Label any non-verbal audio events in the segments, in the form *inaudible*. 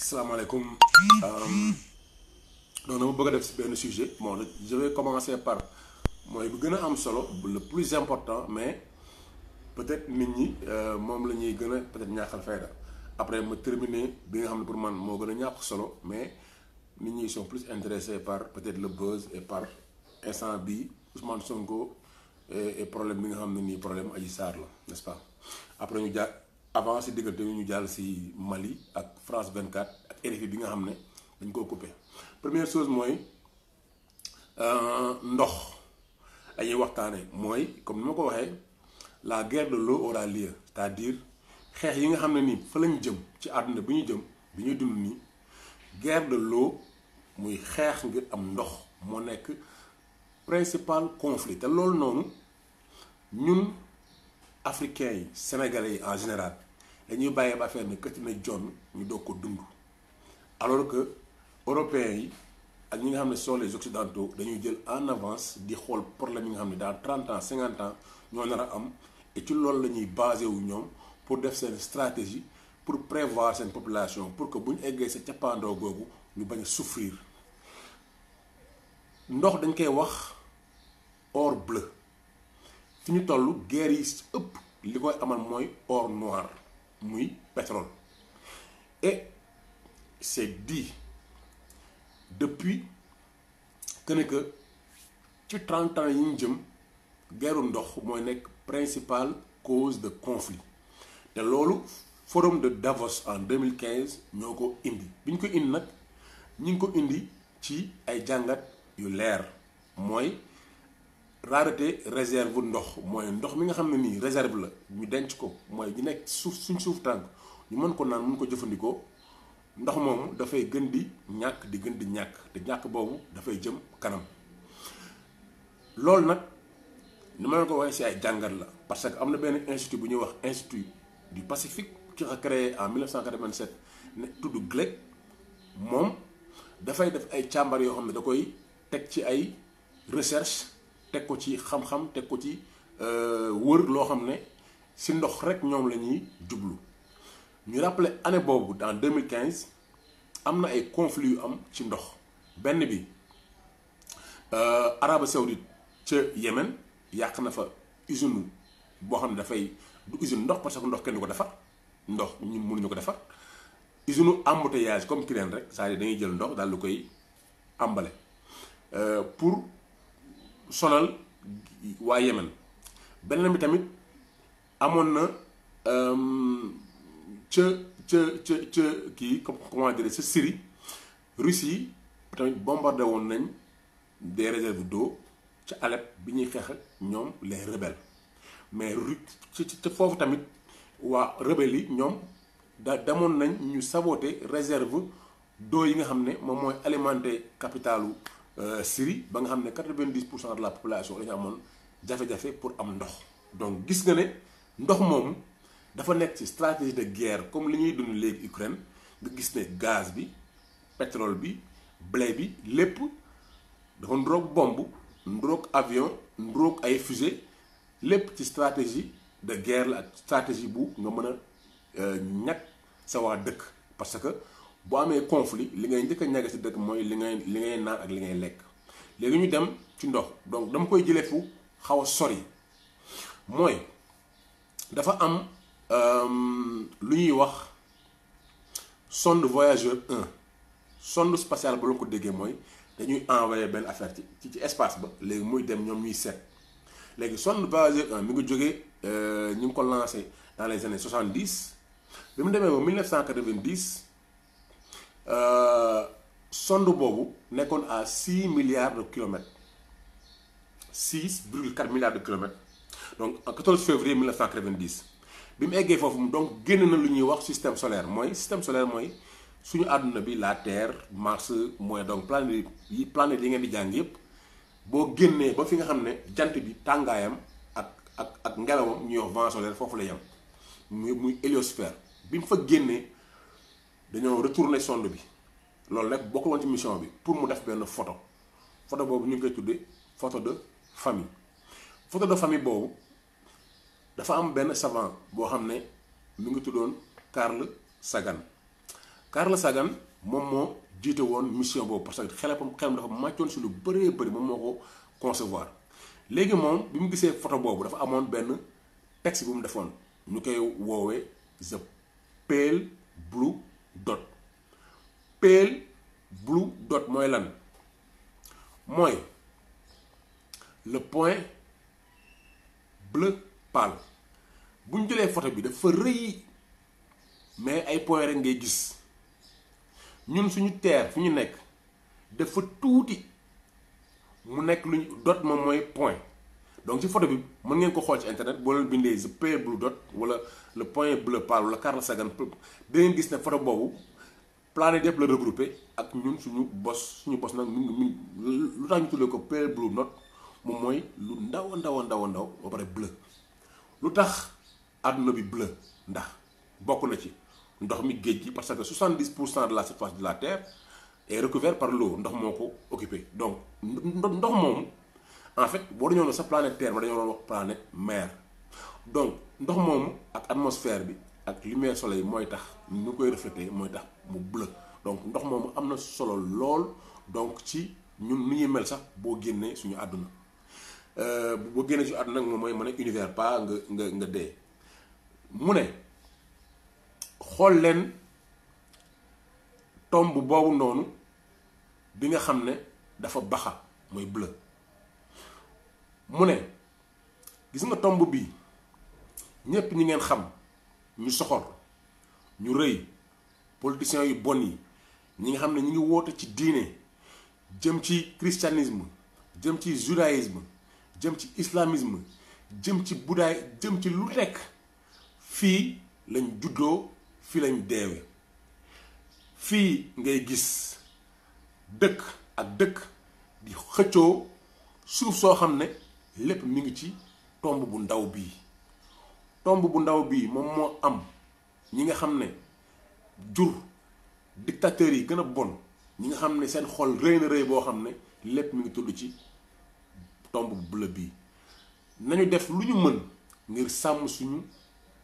salaamaaleykum um, donc mu bëgg a def si benn sujet bon je vais commencer par mooy bu gën a am solo le plus important mais peut-être nit ñi euh, moom la ñuy gën a peut-être ñàkkal fayda après ma terminer bi nga xam ne pour man moo gën a ñàkk solo mais nit ñi sont plus intéressés par peut-être le buzz et par instant bi Ousmane Sonko euh, et problème bi nga xam ne nii problème Adji Sarr la n'est-ce pas après ñu jaar. avant si yu ñu jàll si Mali ak France 24 ak RFI bi nga xam ne dañ koo coupé première chose mooy euh, ndox dañuy waxtaanee mooy comme ni ma ko waxee la guerre de l'eau aura lieu c'est-à-dire xeex yi nga xam ne nii fa lañ jëm ci àdduna bi ñu jëm bi ñuy dund nii guerre de l'eau muy xeex ngir am ndox moo nekk principal conflit te loolu noonu ñun africains yi sénégalais yi en général dañuy bàyyi ba affaire ne Katrina John ñu doog ko dund alors que européens yi ak ñi nga xam ne sont les occidentaux dañuy jël en avance di xool problème yi nga xam ne daal trente ans 50 ans ñoo nar a am et ci loolu la ñuy basé wu ñoom pour def seen stratégie pour prévoir seen population pour que bu ñu eggee sa cappaandoo googu ñu bañ a ndox dañ koy wax or fi ñu toll guerre yi ëpp li koy amal mooy or noir muy pétrole et c'est dit depuis que ne ci 30 ans yi ñu jëm guerru ndox mooy nekk principale cause de conflit te loolu forum de Davos en 2015 ñoo ko indi biñ ko indi nag ñu ngi ko indi ci ay jàngat yu leer mooy rareté réserve ndox mooy ndox mi nga xam ne nii réserve la ñu denc ko mooy ñu nekk suuf suñ suuf tànk ñu mën ko naan mën ko jëfandikoo ndox moomu dafay gën di ñàkk di gën di ñàkk ñàkk boobu dafay jëm kanam loolu nag ni ma leen ko waxee si ay jàngat la parce que am na benn institut bu ñuy wax institut du Pacifique ki ko créé en 1987 ne tudd GLEC moom dafay def ay càmbar yoo xam ne da koy teg ci ay recherche teg ko ci xam-xam teg ko ci euh, wër loo xam ne si ndox rek ñoom la ñuy jublu ñu rappelé année boobu dans 2015 am na ay conflits yu am ci ndox benn bi euh, Arabie Saoudite ca Yémen yàq na fa usine boo xam ne dafay du usine ndox parce que ndox kenn du ko defar ndox ñun ñu ko defar usine embouteillage comme Kirène rek c'est-à-dire dañuy jël ndox daal lu koy àmbale euh, pour. solal waa Yemen beneen bi tamit amoon na euh, ca ca ca ca kii comment dire ca Syrie Russie yi tamit bombardé woon nañ des réserves d'eau ca Alep bi ñuy xeex ñoom les rebelles mais ru ci ca foofu tamit waa rebelles yi ñoom da demoon nañ ñu saboter réserve d'eau yi nga xam ne moom mooy alimenter capitalu Euh, Syrie ba nga xam ne quatre pour cent de la population dañu amoon jafe-jafe pour am ndox donc gis nga ne ndox moom dafa nekk ci stratégie de guerre comme li ñuy dund léegi Ukraine nga gis ne gaz bi pétrole bi blé bi lépp dafa ndroog bombe ndroog avion ndroog ay fusée lépp ci stratégie de guerre la ak stratégie bu nga mën a euh, ñàkk sa dëkk parce que boo amee conflit li ngay njëkk a ñàgg si dëkk mooy li ngay li ngay naan ak li ngay lekk léegi ñu dem ci ndox donc dama koy jëlee fu xaw a yi mooy dafa am euh, lu ñuy wax sonde voyageur 1 sonde spatiale ba la ko déggee mooy dañuy envoyé benn affaire ci ci espace ba léegi muy dem ñoom ñuy seet léegi sonde voyageur 1 mi ngi jógee euh, ñu ngi ko lancé dans les années 70 bi mu demee ba 1990. Euh, sonde boobu nekkoon à 6 milliards de kilomètres 6 virgule 4 milliards de kilomètres donc en 14 février 1990 bi mu eggee foofu donc génne na lu ñuy wax système solaire mooy système mooy suñu àdduna bi la terre mars mooy donc planète yi planète yi ngeen di jàng yépp boo génnee ba fi nga xam ne jant bi tàngaayam ak ak ak ngelawam ñuy vent solaire foofu la yem muy muy héliosphère bi mu fa génnee. dañoo retourné sonde bi loolu nag bokkul woon ci mission bi pour mu def benn photo photo boobu ñu ngi koy tuddee photo de famille photo de famille boobu dafa am benn savant boo xam ne mu ngi tuddoon Carl Sagan Carl Sagan moom moo jiite woon mission boobu parce que xelam xelam dafa màccoon si lu bëree bëri moom moo ko concevoir léegi moom bi mu gisee photo boobu dafa amoon benn texte bu mu defoon ñu koy woowee the pale blue dot pale blue dot mooy lan mooy le point bleu pâle bu ñu jëlee photo bi dafa rëyi mais ay point rek ngay gis ñun suñu terre fu ñu nekk dafa tuuti mu nekk lu dot moom mooy point donc ci photo bi mën ngeen ko xool ci internet boo leen bindee the blue dot wala le point bleu pâle wala Carl Sagan dangeen gis ne photo boobu planète yëpp la regroupé ak ñun suñu bos suñu bos nag ñu lu tax ñu tuddee ko pale blue dot moom mooy lu ndaw a ndaw ndaw a ndaw ba lu tax àdduna bi bleu ndax bokk na ci ndox mi géej gi parce que 70 pour cent la surface de la terre est recouvert ndox moo ko occupé donc ndox moom en fait boo dañoo ne sa planète terre ba dañoo doon wax planète mer donc ndox moomu ak atmosphère bi ak lumière soleil mooy tax ñu koy refléter mooy tax mu bleu donc ndox moomu am na solo lool donc ci ñun nu ñuy mel sax boo génnee suñu àdduna euh, boo génnee suñu àdduna moom mooy mën a univers pas nga nga nga dee mu ne xool leen tomb boobu noonu bi nga xam ne dafa baxa mooy bleu mu ne gis nga tomb bii ñépp ñi ngeen xam ñu soxor ñu rëy politiciens yu bon yi ñi nga xam ne ñu ngi woote ci diine jëm ci christianisme jëm ci judaïsme jëm ci islamisme jëm ci budaay jëm ci lu nekk fii lañ juddoo fii lañ deewe fii ngay gis dëkk ak dëkk di xëccoo suuf soo xam ne lépp mi ngi ci tomb bu ndaw bii tomb bu ndaw bii moom moo am ñi nga xam ne jur dictateurs yi gën a bon ñi nga xam ne seen xol rëy na rëy boo xam ne lépp mi ngi tudd ci tomb bu bleu bii nañu def lu ñu mën ngir sàmm suñu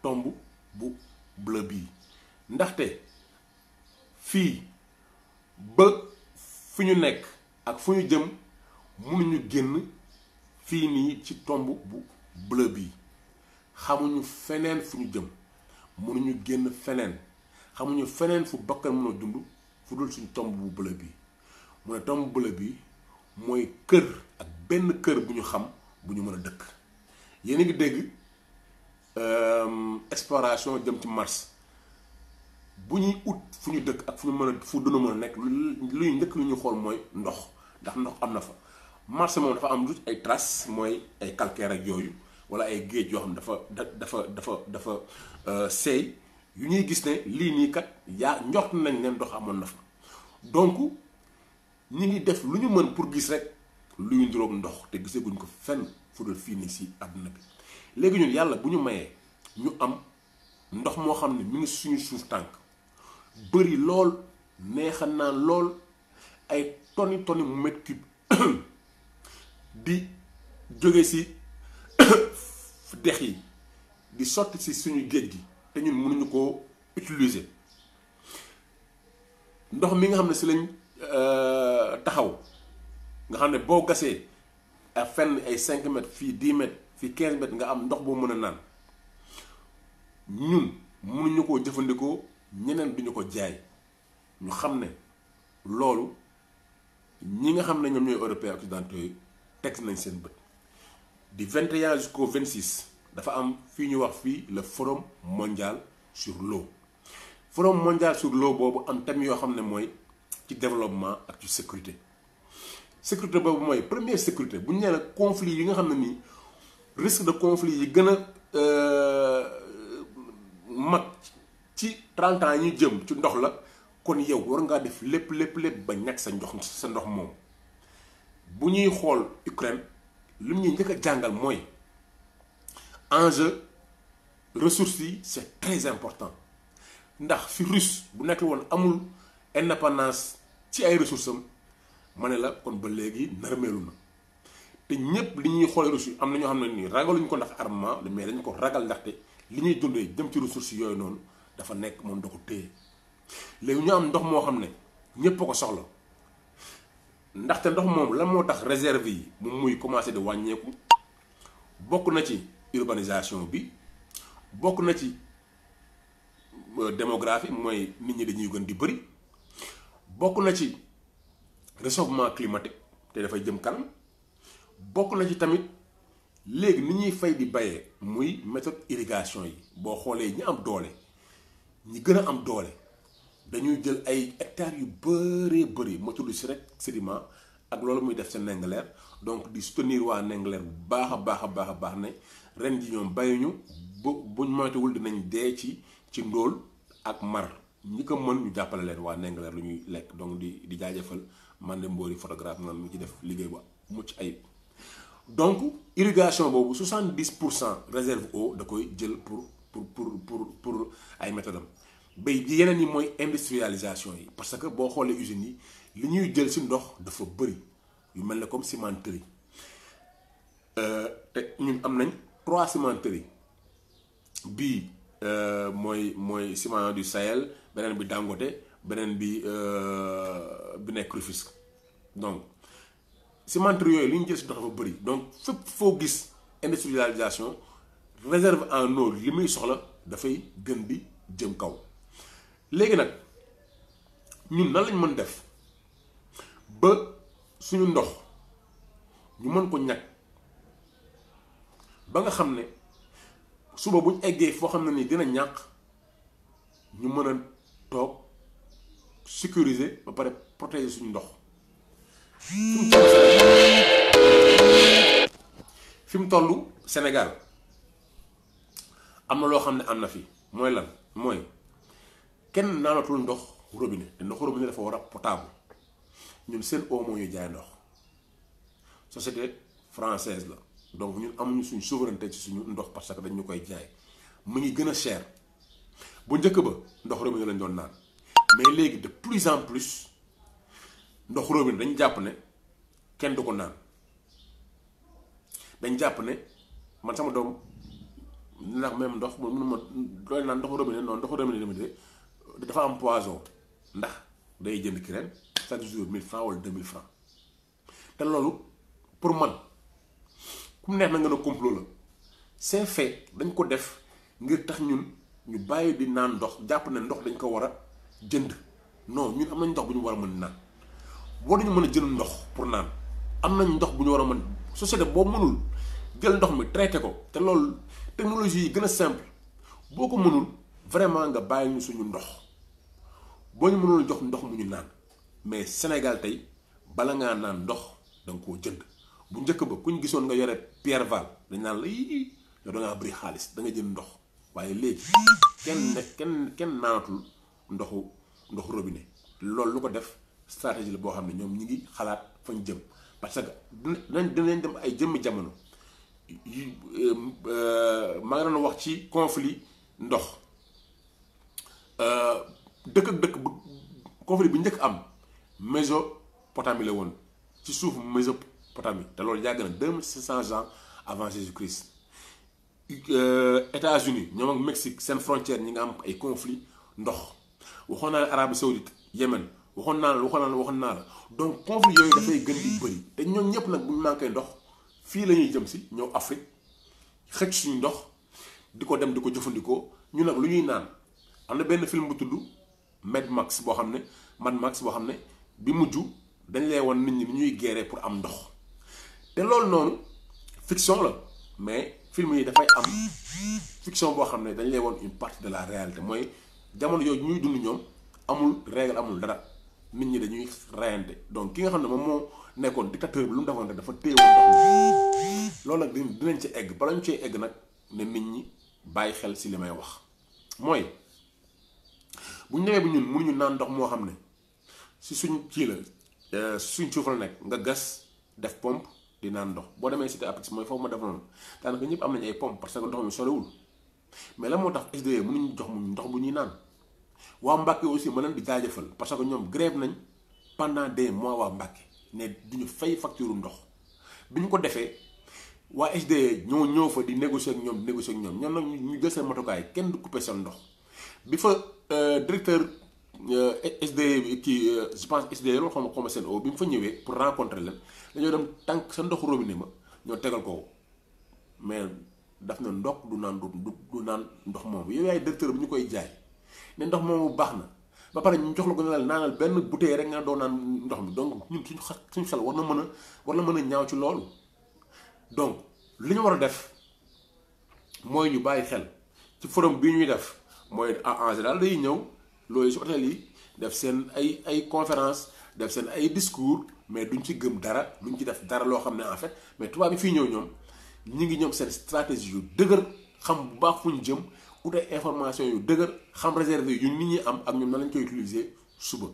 tomb bu bleu bii ndaxte fii ba fu ñu nekk ak fu ñu jëm mënuñu génn fii nii ci tomb bu bleu bii xamuñu feneen fu ñu jëm mënuñu génn feneen xamuñu feneen fu bakkan mën a dund fu dul suñu tomb bu bleu bii mu ne tomb bleu bii mooy kër ak benn kër bu ñu xam bu ñu mën a dëkk yéen a ngi dégg euh, exploration jëm ci Mars bu ñuy ut fu ñu dëkk ak fu ñu mën a fu dund mën a nekk luy njëkk lu ñu xool mooy ndox ndax ndox am na fa marché moom dafa am lu ay traces mooy ay calcaire ak yooyu wala ay géej yoo xam dafa dafa dafa dafa euh, seey yu ñuy gis ne lii nii kat yaa njox nañ ne ndox amoon na fa donc ñi ngi def lu ñu mën pour gis rek luy nduroog ndox te gise gisaguñ ko fenn fu fii nii si àdduna bi léegi ñun yàlla bu ñu mayee ñu am ndox moo xam ne mi ngi suñu suuf tànk bëri lool neexa naan lool ay toni toni mu mètre cube *clears throat* di jóge si *coughs* dex yi di sotti si suñu géej gi te ñun mënuñu koo utiliser ndox mi nga xam ne si lañ euh, taxaw nga xam ne boo gasee a fenn ay 5 mètres fii 10 mètres fii 15 mètres nga am ndox boo mën a naan ñun mënuñu koo jëfandikoo ñeneen duñu ko jaay ñu xam ne loolu ñi nga xam ne ñoom ñooy européens occidentaux yi teg nañ seen bët du 21 jusqu'au 26 dafa am fii ñu wax fii le forum mondial sur l'eau forum mondial sur l'eau boobu am thème yoo xam ne mooy ci développement ak sécurité sécurité boobu mooy première sécurité bu ñu nee nag conflit yi nga xam ne nii risque de conflit yi gën a euh, mag ci 30 ans yi ñu jëm ci ndox la kon yow war ngaa def lépp lépp lépp ba ñàkk sa ndox sa ndox moom bu ñuy xool Ukraine lu ñuy njëkk a jàngal mooy enjeu ressources yi c'est très important ndax fi russe bu nekk woon amul indépendance ci ay ressources am ma ne la kon ba léegi narmeelu na te ñépp li ñuy xoole russ yi am na ñoo xam ne nii ragal ragaluñu ko ndax armement mais dañ ko ragal ndaxte li ñuy dundee jëm ci ressources yooyu noonu dafa nekk moom da ko téye léegi ñu am ndox moo xam ne ñépp a ko soxla ndaxte ndox moom lan moo tax réserve yi moom muy commencé di wàññeeku bokk na ci urbanisation bi bokk na ci euh, démographie mooy nit ñi dañuy gën di bëri bokk na ci réchauffement climatique te dafay jëm kanam bokk na ci tamit léegi ni ñuy fay di bayee muy méthode irrigation yi boo xoolee ñi am doole ñi gën a am doole dañuy jël ay hectares yu bëree bëri ma tudd si rek sédiment ak loolu muy def sa Ndingler donc di soutenir waa Ndingler bu baax a baax a baax a ne ren ji ñoom bayuñu bu buñ moytuwul dinañ dee ci ci ndóol ak mar ñi ko mën ñu jàppale leen waa Ndingler lu ñuy lekk donc di di jaajëfal Mandé Mbori photographe moom mu ci def liggéey ba mucc ayib donc irrigation boobu 70 pour cent réserve eau da koy jël pour pour pour pour pour ay méthode bay yeneen yi mooy industrialisation yi parce que boo xoolee usines yi li ñuy jël ci ndox dafa bëri yu mel ne comme cimenterie euh, te ñun am nañ trois cimenteries bii euh, mooy mooy ciment du Sahel beneen bi Dangote beneen bi euh, bi nekk Rufisque donc cimenterie yooyu li ñu jël ci ndox dafa bëri donc fëpp foo gis industrialisation réserve en eau li muy soxla dafay gën bi jëm kaw. léegi nag ñun nan lañ mën def ba suñu ndox ñu mën ko ñag ba nga xam ne suba buñ eggee foo xam ne ni dina ñàkk ñu mën a toog sécuriser ba pare protéger suñu ndox fi mu toll Sénégal am na loo xam ne am na fi mooy lan mooy kenn naanatul ndox robinet te ndox robinet dafa war a potable ñun seen eau moo jaay ndox société française la donc ñun amuñu suñ souveraineté suñu ndox parce que dañu koy jaay mu ngi gën a cher bu njëkk ba ndox robinet lañ doon naan mais léegi de plus en plus ndox robinet dañ jàpp ne kenn du ko naan dañ jàpp ne man sama doom ndax même ndox ma doy naan ndox robinet noonu ndox robinet dama de dafa am poison ndax day jënd ren chaque jour mille francs wala 2000 francs te loolu pour man ku neex na nga a complot la c'est fait dañ ko def ngir tax ñun ñu bàyyi di naan ndox jàpp ne ndox dañ ko war a jënd non ñun am nañ ndox bu ñu war a mën naan war nañu mën a jënd ndox pour naan am nañ ndox bu ñu war a mën société boo mënul jël ndox mi traité ko te loolu technologie yi gën a simple boo ko mënul vraiment nga bàyyi ñu suñu ndox. boo ñu mënoon jox ndox mu ñu naan mais Sénégal tey bala ngaa naan ndox da koo jënd bu njëkk ba ku ñu gisoon nga yore Pierre Val dañ naan la yii yow da ngaa xaalis da nga jënd ndox waaye léegi kenn kenn naanatul ndoxu ndoxu robine loolu lu ko def stratégie la boo xam ne ñoom ñi ngi xalaat fañ jëm parce que dinañ dem ay jëm jamono euh, euh, maa wax ci conflie ndox. Euh, dëkk ak dëkk bu conflit bi njëkk am Mésopotamie la woon ci suuf Mésopotamie te loolu yàgg na deux mille cinq cents ans avant Jésus-Christ euh, États-Unis ñoom ak Mexique seen frontière ñi nga am ay conflit ndox waxoon naa ne Arabie Saoudite Yémen waxoon naa la waxoon naa la waxoon naa la donc conflit yooyu dafay gën di bëri te ñoom ñëpp nag bu ñu manqué ndox fii la ñuy jëm si ñëw Afrique xëcc suñ ndox di ko dem di ko jëfandikoo ñu nag lu ñuy naan am na benn film bu tudd. Med Max boo xam ne Mad Max boo xam ne bi mujj dañ lay wan nit ñi ni ñuy gérer pour am ndox te loolu noonu fiction la mais film yi dafay am fiction boo xam ne dañ lay won une partie de la réalité mooy jamono yooyu ñuy dund ñoom amul règle amul dara nit ñi dañuy reyante donc ki nga xam ne moom moo nekkoon dictateur bi lu mu defoon rek dafa téye loolu nag dinañ ci egg bala ñu cee egg nag ne nit ñi bàyyi xel si li may wax mooy. bu ñu demee bu ñun mu ñu naan ndox moo xam ne si suñ kii la euh, suñ suuf la nekk nga gas def pompe di naan ndox boo demee cité Apix mooy foofu ma def noonu daanaka ñëpp am nañu ay pompe parce que ndox mi sorewul mais la moo tax SDE mënuñu jox mu ndox bu ñuy naan waa Mbàkke aussi ma leen di jaajëfal parce que ñoom grève nañ pendant des mois waa Mbàkke ne duñu fay facture ndox bi ñu ko defee waa SDE ñoo ñëw fa di négocier ak ñoom di négocier ak ñoom ñoom nag ñu jël seen matukaay kenn du coupé seen ndox bi fa. Euh, directeur euh, SDE kii euh, je pense SDE loolu xaw ma xaw ma seen o bi mu fa ñëwee pour rencontrer leen dañoo dem tànk sa ndox robinet ma ñoo tegal ko mais daf na ndox du naan du du naan ndox moomu yow yaay directeur bi ñu koy jaay ne ndox moomu baax na ba pare ñu jox la ko ne naanal benn bouteille rek nga doo naan ndox mi donc ñun suñu xas suñu xel war na mën a war na mën a ñaaw ci loolu donc li ñu war a def mooy ñu bàyyi xel ci forum bi ñuy def. mooy en général day ñëw looyu si hôtel yi def seen ay ay conférence def seen ay discours mais duñ ci gëm dara duñ ci def dara loo xam ne en fait mais tubaab bi fii ñëw ñoom ñu ngi ñoom seen stratégie yu dëgër xam bu baax fu ñu jëm ute information yu dëgër xam réservé yu nit ñi am ak ñun na lañ koy utiliser suba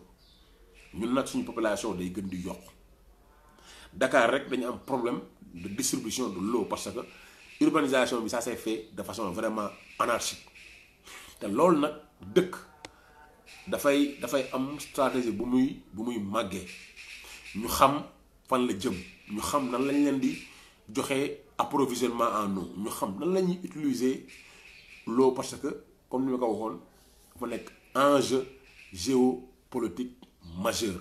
ñun nag suñu population day gën di yokk Dakar rek dañu am problème de distribution de l'eau parce que urbanisation bi saa s'est fait de façon vraiment anarchique te loolu nag dëkk dafay dafay am stratégie bu muy bu muy màggee ñu xam fan la jëm ñu xam nan lañ leen di joxe approvisionnement en ñu xam nan la utiliser l'eau parce que comme ni ma ko waxoon dafa nekk enjeu géopolitique majeur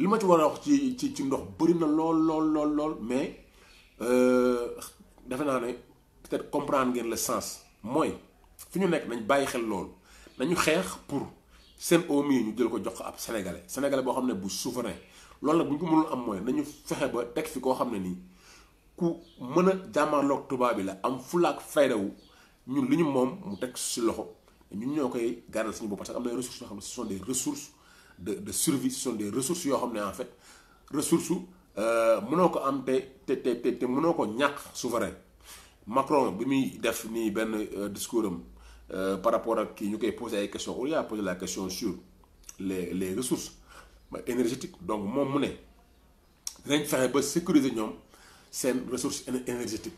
li ma ci war ci ci ci ndox bëri na lool lool lool lool mais euh, defe naa ne peut-être comprendre ngeen le sens. mooy fi ñu nekk nañ bàyyi xel loolu nañu xeex pour seen eau mii ñu jël ko jox ko ab sénégale sénégalais boo xam ne bu souverain loolu nag bu ñu ko am mooy nañu fexe ba teg fi koo xam ne nii ku mën a jàmmaarloog tubaab bi la am fulaak faydawu ñun li ñu moom mu teg si loxo ñun ñoo koy gàddal suñu bopp parce que am na ressources yoo xam ne ce sont des ressources de de survie ce sont des ressources yoo xam ne en fait ressources euh, mënoo ko am te te te te mënoo ko ñàkk souverain. Macron bi muy def nii benn euh, discours am euh, par rapport ak kii ñu koy posé ay questions on lui a la question sur les les ressources énergétiques donc moom mu ne dinañ fexe ba sécuriser ñoom seen ressource énergétique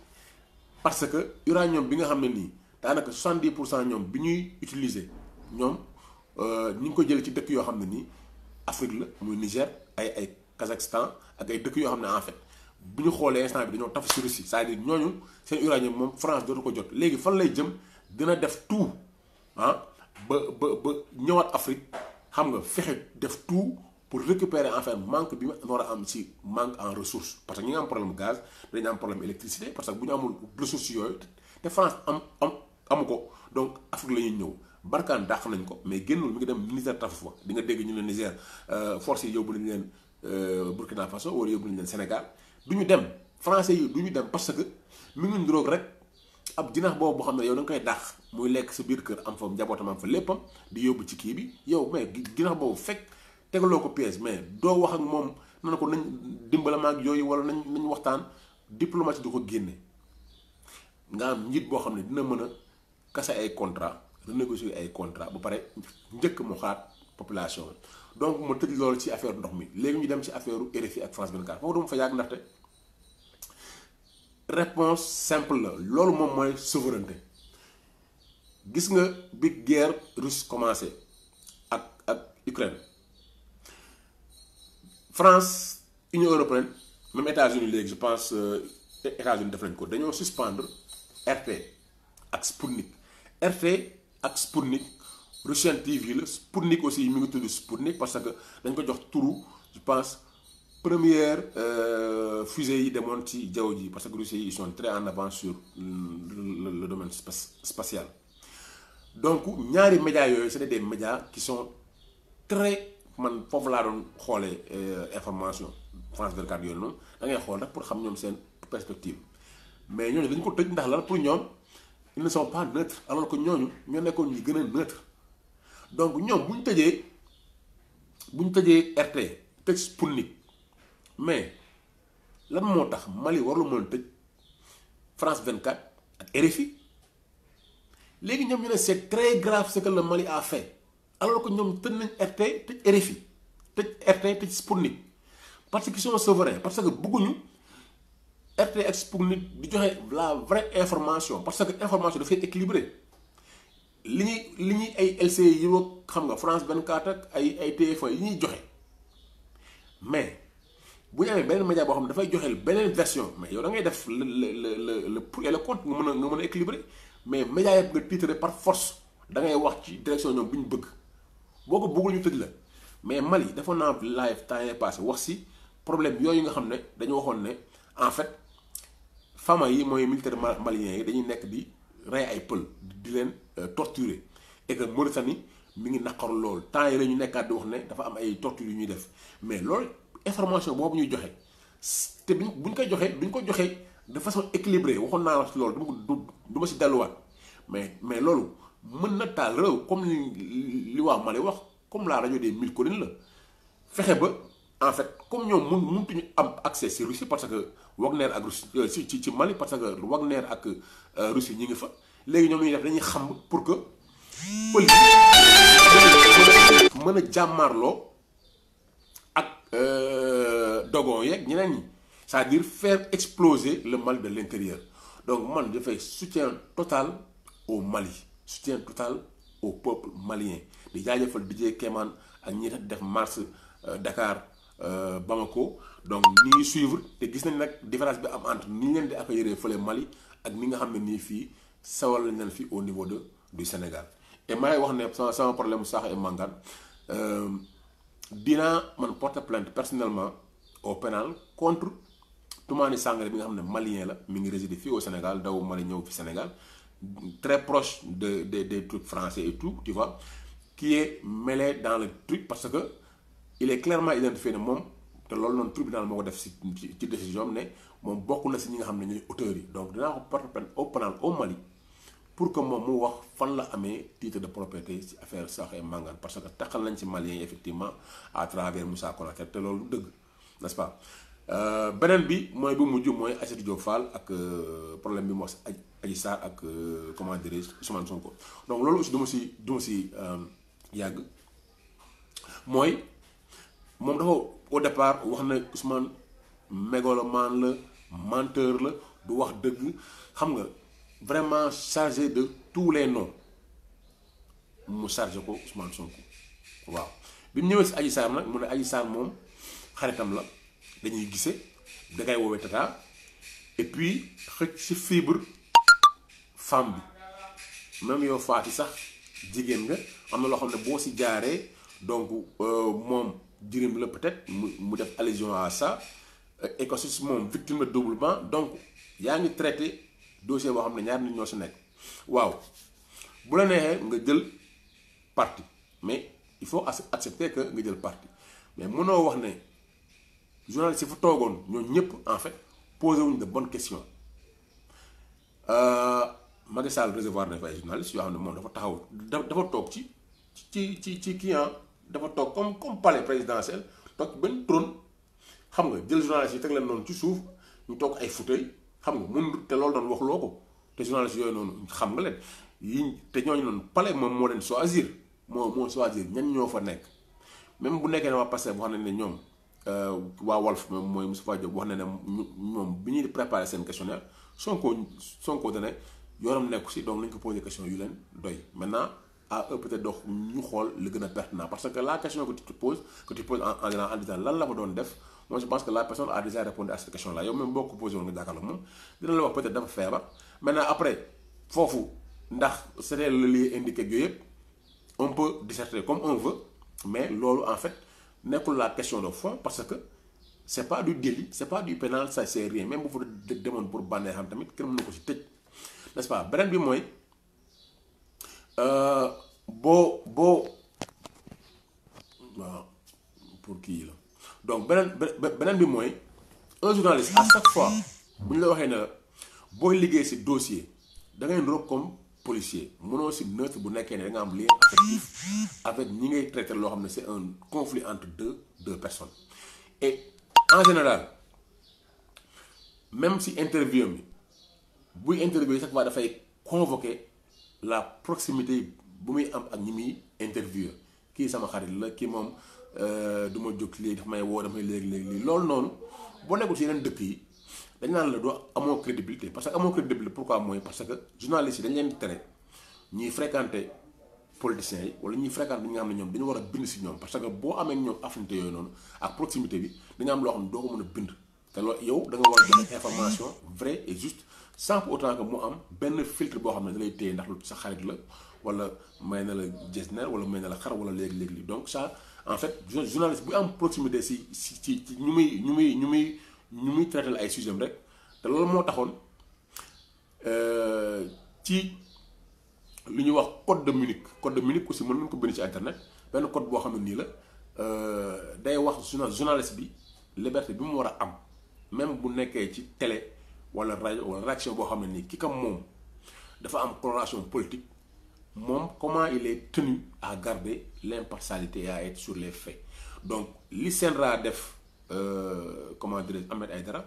parce que uranium bi nga xam ne nii daanaka 70 pour cent ñoom bi ñuy utiliser ñoom euh, ñu ngi ko jëlee ci dëkk yoo xam ne nii Afrique la muy Niger ay ay Kazakhstan ak ay dëkk yoo xam ne en fait. bu ñu xoolee instant bi dañoo taf si Russie c'est-à-dire ñooñu seen uranium moom France dootu ko jot léegi fan lay jëm dina def tout ah ba ba ba ñëwaat Afrique xam nga fexe def tout pour récupérer en fait manque bi war a am ci manque en ressource parce que ñi nga am problème gaz dañu am problème électricité parce que bu ñu amul ressource yooyu te France am am amu ko donc Afrique la ñuy ñëw Barkhane dàq nañ ko mais génnul mu ngi dem Niger tafu fa di nga dégg ñu ne Niger euh, force yi yóbbu nañ leen euh, Burkina Faso wala yóbbu nañ leen Sénégal du ñu dem français yi du ñu dem parce que mu ngi niroog rek ab jinax boobu boo xam ne yow da koy dàq muy lekk sa biir kër am fa njabootam am fa léppam di yóbbu ci kii bi yow mais jinax boobu fekk tegaloo ko pièce mais doo wax ak moom nana ko nañ dimbalama ak yooyu wala nañ nañ waxtaan diplomatie du ko génne nga am njiit boo xam ne dina mën a kase ay contrat renégocier ay contrat bu pare njëkk mu xaat population donc ma tëj loolu ci affaire ndox mi léegi ñu dem ci affaire RFI ak France 24 foofu dama fa yàgg ndaxte réponse simple la loolu moom mooy souveraineté gis nga bi guerre russe commencé ak ak Ukraine France Union européenne même États-Unis léegi je pense euh, États-Unis def nañ ko dañoo suspendre RT ak Sputnik RT ak Sputnik Russian TV la Sputnik aussi mi ngi tudd Sputnik parce que dañ ko jox turu je pense première euh, fusée yi demoon ci jaww ji parce que Russes yi soon sont très en avance sur le domaine spatial donc ñaari médias yooyu c'est des médias qui sont très man foofu laa doon xoolee euh, information France 24 yooyu noonu da ngay xool nag pour xam ñoom seen perspective mais ñooñu dañu ko tëj ndax la pour ñoom ils ne pas neutres alors que ñooñu ñoo nekkoon ñi gën a donc ñoom bu ñu tëjee bu ñu tëjee RT tëj Sputnik mais lan moo tax Mali warlu mën tëj France 24 ak RFI léegi ñoom ñu ne c'est très grave ce que Mali a fait alors que ñoom tëj nañ RT tëj RFI tëj RT tëj Sputnik parce qu'ils sont souverains parce que bëgguñu RT ak Sputnik di joxe la vraie information parce que information dafay équilibré li ñuy li ñuy ay LCI yi wag xam nga France 24 ak ay ay yi ñuy joxe mais bu ñu amee beneen média boo xam ne dafay joxeel beneen version mais yow da ngay def le le le le pour et compte nga mën a nga mën a équilibrer mais média yëpp nga titré par force da ngay wax ci direction ñoom bu ñu bëgg boo ko bëggul ñu tëj la mais mal yi dafa naa live temps yii passé wax si problème yooyu nga xam ne dañu waxoon ne en fait fama yi mooy militaire malien yi dañuy nekk di. rey ay pël di leen euh, torturer et que Mauritanie mi ngi naqaru loolu temps yi la ñu nekkaat di wax ne dafa am ay torture yu ñuy def mais loolu information boobu ñuy joxe te buñ buñ koy joxe duñ ko joxe de façon équilibrée waxoon naa la si loolu du du ma si delluwaat mais mais loolu mën na taal réew comme li li waa Mali wax comme la rajo de mille collines la fexe ba en fait. comme ñoom mun mënutuñu am accès si Russie parce que Wagner ak Russie euh, ci ci Mali parce que Wagner ak euh, Russie ñi ngi fa léegi ñoom ñuy def dañuy xam pour que pël mën a jàmmaarloo ak euh, dogon yeeg ñeneen ñi c'est-à-dire faire exploser le mal de l'intérieur donc man dafay soutien total au Mali soutien total au peuple malien di jaajëfal DJ Kéman ak ñi def marche Dakar Euh, Bamako donc ñu ngi suivre te gis nañ nag différence bi am entre ni ñu leen di accueillir fële Mali ak ni nga xam ne nii fii sawal nañ leen fii au niveau de du Sénégal et may wax ne sama sama problème Sakho et Mangane euh, dinaa man porter plainte personnellement au pénal contre Toumani Sangaré bi nga xam ne malien la mi ngi résider fii au Sénégal daw Mali ñëw fi Sénégal très proche de des des trucs français et tout tu vois qui est dans le truc parce que. il est clairement identifié ne moom te loolu noonu tribunal moo ko def si ci décision am ne moom bokk na si ñi nga xam ne ñooy auteurs yi donc dinaa ko porter plainte au pénal au Mali pour que moom mu wax fan la amee titre de propriété ci affaire Sakho et parce que taxal nañ si Maliens yi effectivement à travers Moussa Konaté te loolu dëgg nest pa euh, beneen bi mooy bu mujj mooy Aïssatou Diop Fall ak euh, problème bi mu wax Adji Sarr ak euh, comment dirais-je Ousmane Sonko donc loolu aussi du ma si du ma si yàgg moom dafa au départ wax na Ousmane mégalomane la menteur la du wax dëgg xam nga vraiment chargé de tous les noms mu chargé ko Ousmane Sonko waaw bi mu ñëwee si Adji Sarr nag mu ne Adji Sarr moom xaritam la dañuy gise da koy woowee tata et puis xëcc si fibre femme bi même yow faati sax jigéen nga am na loo xam ne boo si jaaree donc euh, moom Dirim la peut mu mu def allusion à ça euh, Écosse moom victime la doublement donc yaa ngi traité dossier boo xam ne ñaar nit ñoo si nekk waaw bu la neexee nga jël parti mais il faut accepter que nga jël parti mais mënoo wax ne journaliste yi fa toogoon ñoom ñëpp en fait posé wuñ de bonnes questions euh, Macky Sall recevoir na fa ay yoo xam ne moom dafa taxaw dafa toog ci ci ci ci client. dafa toog comme comme palais présidentiel toog benn trône xam nga jël journaliste yi teg leen noonu ci suuf ñu toog ay fauteuil xam nga mun te loolu doon wax loo ko te journaliste yooyu noonu xam nga leen yi te ñooñu noonu pale moom moo leen choisir moo moo choisir ñan ñoo fa nekk même bu nekkee ne waa Pastef wax nañ ne ñoom euh, waa Walf moom mooy Moustapha Diop wax na ne ñoom bi ñuy préparé seen questionnaire Sonko Sonko da ne yoonam nekku si donc nañ ko posé question yu leen doy à eux peut ñu xool li gën a pertinent parce que la question que tu te poses que tu poses en général en lan la ma doon def moi je pense que la personne a déjà répondu à cette question là yow même boo ko posé woon nga jàkkaarloo moom dina la wax dafa feebar maintenant après foofu ndax c'était la lieu indiqué yooyu yëpp on peut disserter comme on veut mais loolu en fait nekkul la question de fond parce que c'est pas du délit c'est pas du pénal pour bànnee tamit kenn mënu ko bi mooy. Euh, boo boo waaw pour kii la donc beneen beneen bi mooy un journaliste à chaque fois bu ñu la waxee ne booy liggéey si dossier da ngay niróo comme policier mënoo ci neutre bu nekkee ne da nga am lien affectif avec ñi ngay traiter loo xam ne c'est un conflit entre deux deux personnes et en général même si interview mi buy interview chaque fois dafay convoquer. la proximité bu muy am ak ñi muy interview kii sama xarit la kii moom euh, du ma jóg léegi daf may woo damay léegi-léegi lii loolu noonu boo nekkul si yeneen dëkk yi dañ naan la doo amoo crédibilité parce que amoo crédibilité pourquoi mooy parce que journalistes yi dañ leen tere ñuy fréquenter politiciens yi wala ñuy fréquenter ñi nga xam ne ñoom dañu war a bind si ñoom parce que boo amee ñoom affinité yooyu noonu ak proximité bi dañu am loo xam ne doo a bind te yow da a joxe information vraie et juste sans pour autant mu am benn filtre boo xam ne da lay ndax lu sa xarit la wala may na la jesner wala may na la xar wala léegi léeg li donc sa en fait journaliste bu am proximité si si ci ñu muy ñu muy ñu muy ñu muy traité ay sujet rek te loolu moo taxoon euh, ci lu ñuy wax code de Munich code de Munich aussi mën nañu ko bind ci benn code boo xam ne nii la euh, day wax journaliste bi liberté bi mu war a am même bu nekkee ci télé. wala wala réaction boo xam ne nii ki kam moom dafa am coloration politique moom comment il est tenu à garde l'impartialité et à sur les faits donc li CNRA def euh, comment dirais-je ay Aïdara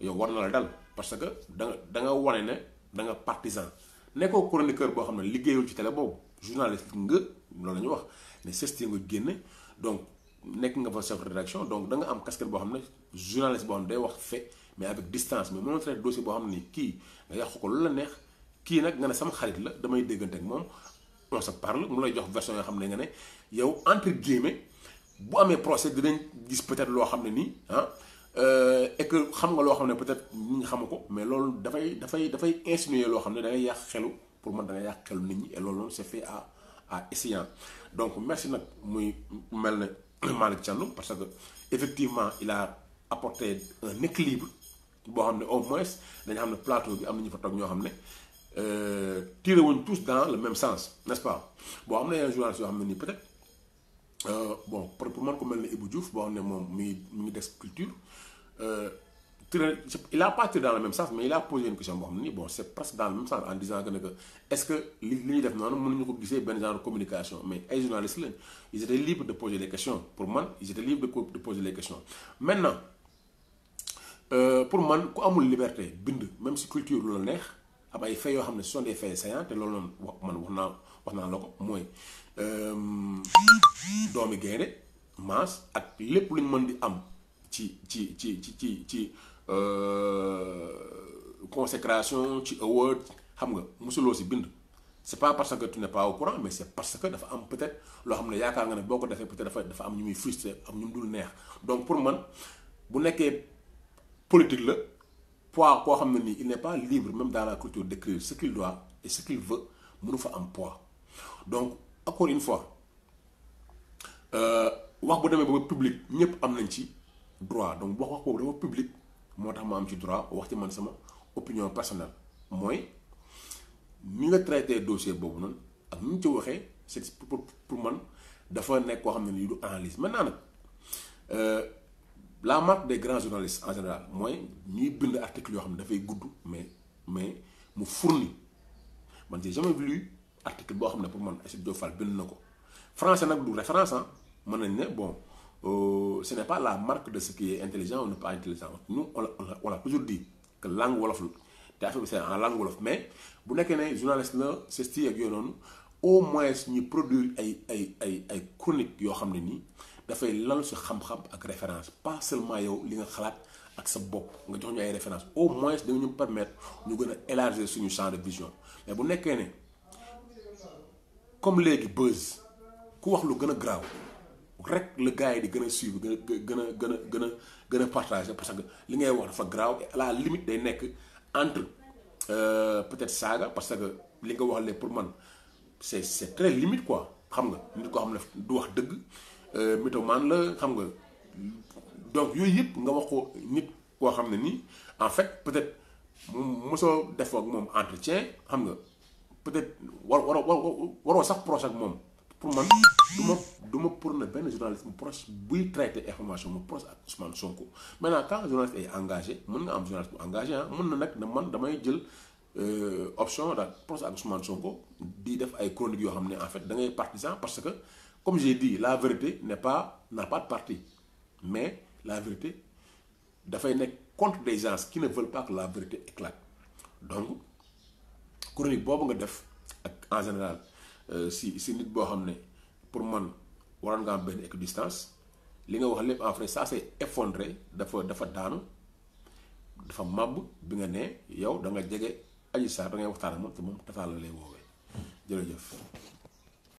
yow war na la dal parce que da nga da nga wane ne da nga partisan nekkoo chroniqueur boo xam ne liggéeyul ci télé boobu journaliste nga loolu la wax ne sesti nga génne donc nekk nga fa chef de rédaction donc da nga am casquette boo xam ne journaliste boo xam ne day wax fait mais avec distance mais mënoo traité dossier boo xam ne kii nga yàqu ko lu la neex kii nag nga ne sama xarit la damay déggante ak moom on se parle mu lay jox version yoo xam ne nga ne yow entre guillemets bu amee procès dinañ gis peut-être loo xam ne nii ah euh, xam nga loo xam ne peut-être nit ñi xamu ko mais loolu dafay dafay dafay insinuer loo xam ne da ngay yàq xelu pour man da ngay yàq xelu nit ñi et loolu c'est fait à à essayant donc merci nag muy mel ne *coughs* Malick Thiandoum parce que effectivement il a apporté un boo xam ne au moins dañ xam ne plateau bi am nañu fa toog ñoo xam ne euh, tiré wuñ tous dans le même sens nest pas bon am na yeneen journalistes yoo xam ne nii peut euh, boo xam ne moom mi ngi des culture euh, tiré il n'a pas dans le même sens mais il a posé une question boo xam ne nii bon c'est presque dans le même sens en disant que ne que est-ce que li li ñuy def noonu mënuñu ko gisee benn genre communication mais ay journalistes lañ ils étaient libres de de poser Euh, pour man ku amul liberté bind même si culture lu la neex am ay faits yoo xam ne ce sont des faits te loolu noonu wax man wax naa wax naa la ko mooy euh, doomi gaynde maas ak lépp lu ñu mën di am ci ci ci ci ci ci euh, consécration ci award xam nga mosuloo si bind c'est pas parce que tu n'es pas au courant mais c'est parce que dafa am peut-être loo xam ne yaakaar nga ne boo ko defee peut dafa dafa am ñu muy frustré am ñu mu dul neex donc pour man bu nekkee politique la pois koo xam ne nii il n'est pas libre même dans la culture de ce qu'il doit et ce qu'il veut fa am pois donc encore une fois euh, wax bu demee ba public ñëpp am nañ ci droit donc wax wax boobu dafa public moo tax ma am ci droit wax ci man sama opinion personnelle mooy mu nga traité dossier boobu noonu ak ni ñu ci waxee c'est pour pour man dafa nekk koo xam ne nii du analyse maintenant nag. Euh, la marque des grands journalistes en général mooy ñuy bind article yoo xam ne dafay gudd mais mais mu fourni man j'ai jamais vu article boo xam ne pour man Aïssatou Diop Fall bind na ko français nag du référence mën nañ ne bon euh, ce n'est pas la marque de ce qui est intelligent ou ne pas intelligent nous on a, on a toujours dit langue wolof la te affaire bi c'est en langue wolof mais bu nekkee ne journaliste la c'est style ak yooyu noonu au moins ñu produit ay ay ay ay yoo xam ne nii dafay lal su xam-xam ak référence pas yow li nga xalaat ak sa bopp nga jox ñu ay référence au moins dañu ñu permettre ñu gën a élargir suñu champ de vision bu nekkee ne comme léegi buzz ku wax lu gën a graaw rek la gars yi di gën a suivre gën a gën a gën a gën a gën a partager parce que li ngay wax dafa graaw à la day nekk entre euh, peut-être saaga parce que li nga wax léegi pour man c'est c'est très limite quoi xam nga nit ko xam ne du wax dëgg Euh, mythomane la xam nga donc yooyu yëpp nga wax ko nit koo xam ne nii en fait peut-être mu mosoo def ak moom entretien xam nga peut-être war war waroo sax proche ak moom pour man du ma pour ne benn journaliste mu proche buy traité information mu proche ak Ousmane Sonko maintenant quand journaliste est engagé mën nga am journaliste bu engagé ah mën na nag ne man damay jël euh, option daal proche ak Ousmane Sonko di def ay chroniques yoo xam ne en fait da partisan parce que. Comme j'ai dit, la vérité n'est pas, n'a pas de parti. Mais la vérité, d'afin contre des gens qui ne veulent pas la vérité éclate. Donc, chronique boobu nga def ak en général euh, si si nit boo xam ne pour man waroon nga am benn équidistance li nga wax lépp en fait ça s'est effondré dafa dafa daanu dafa màbb bi nga ne yow da nga jege Adji Sarr da ngay waxtaan ak moom te moom tasaal la jërëjëf.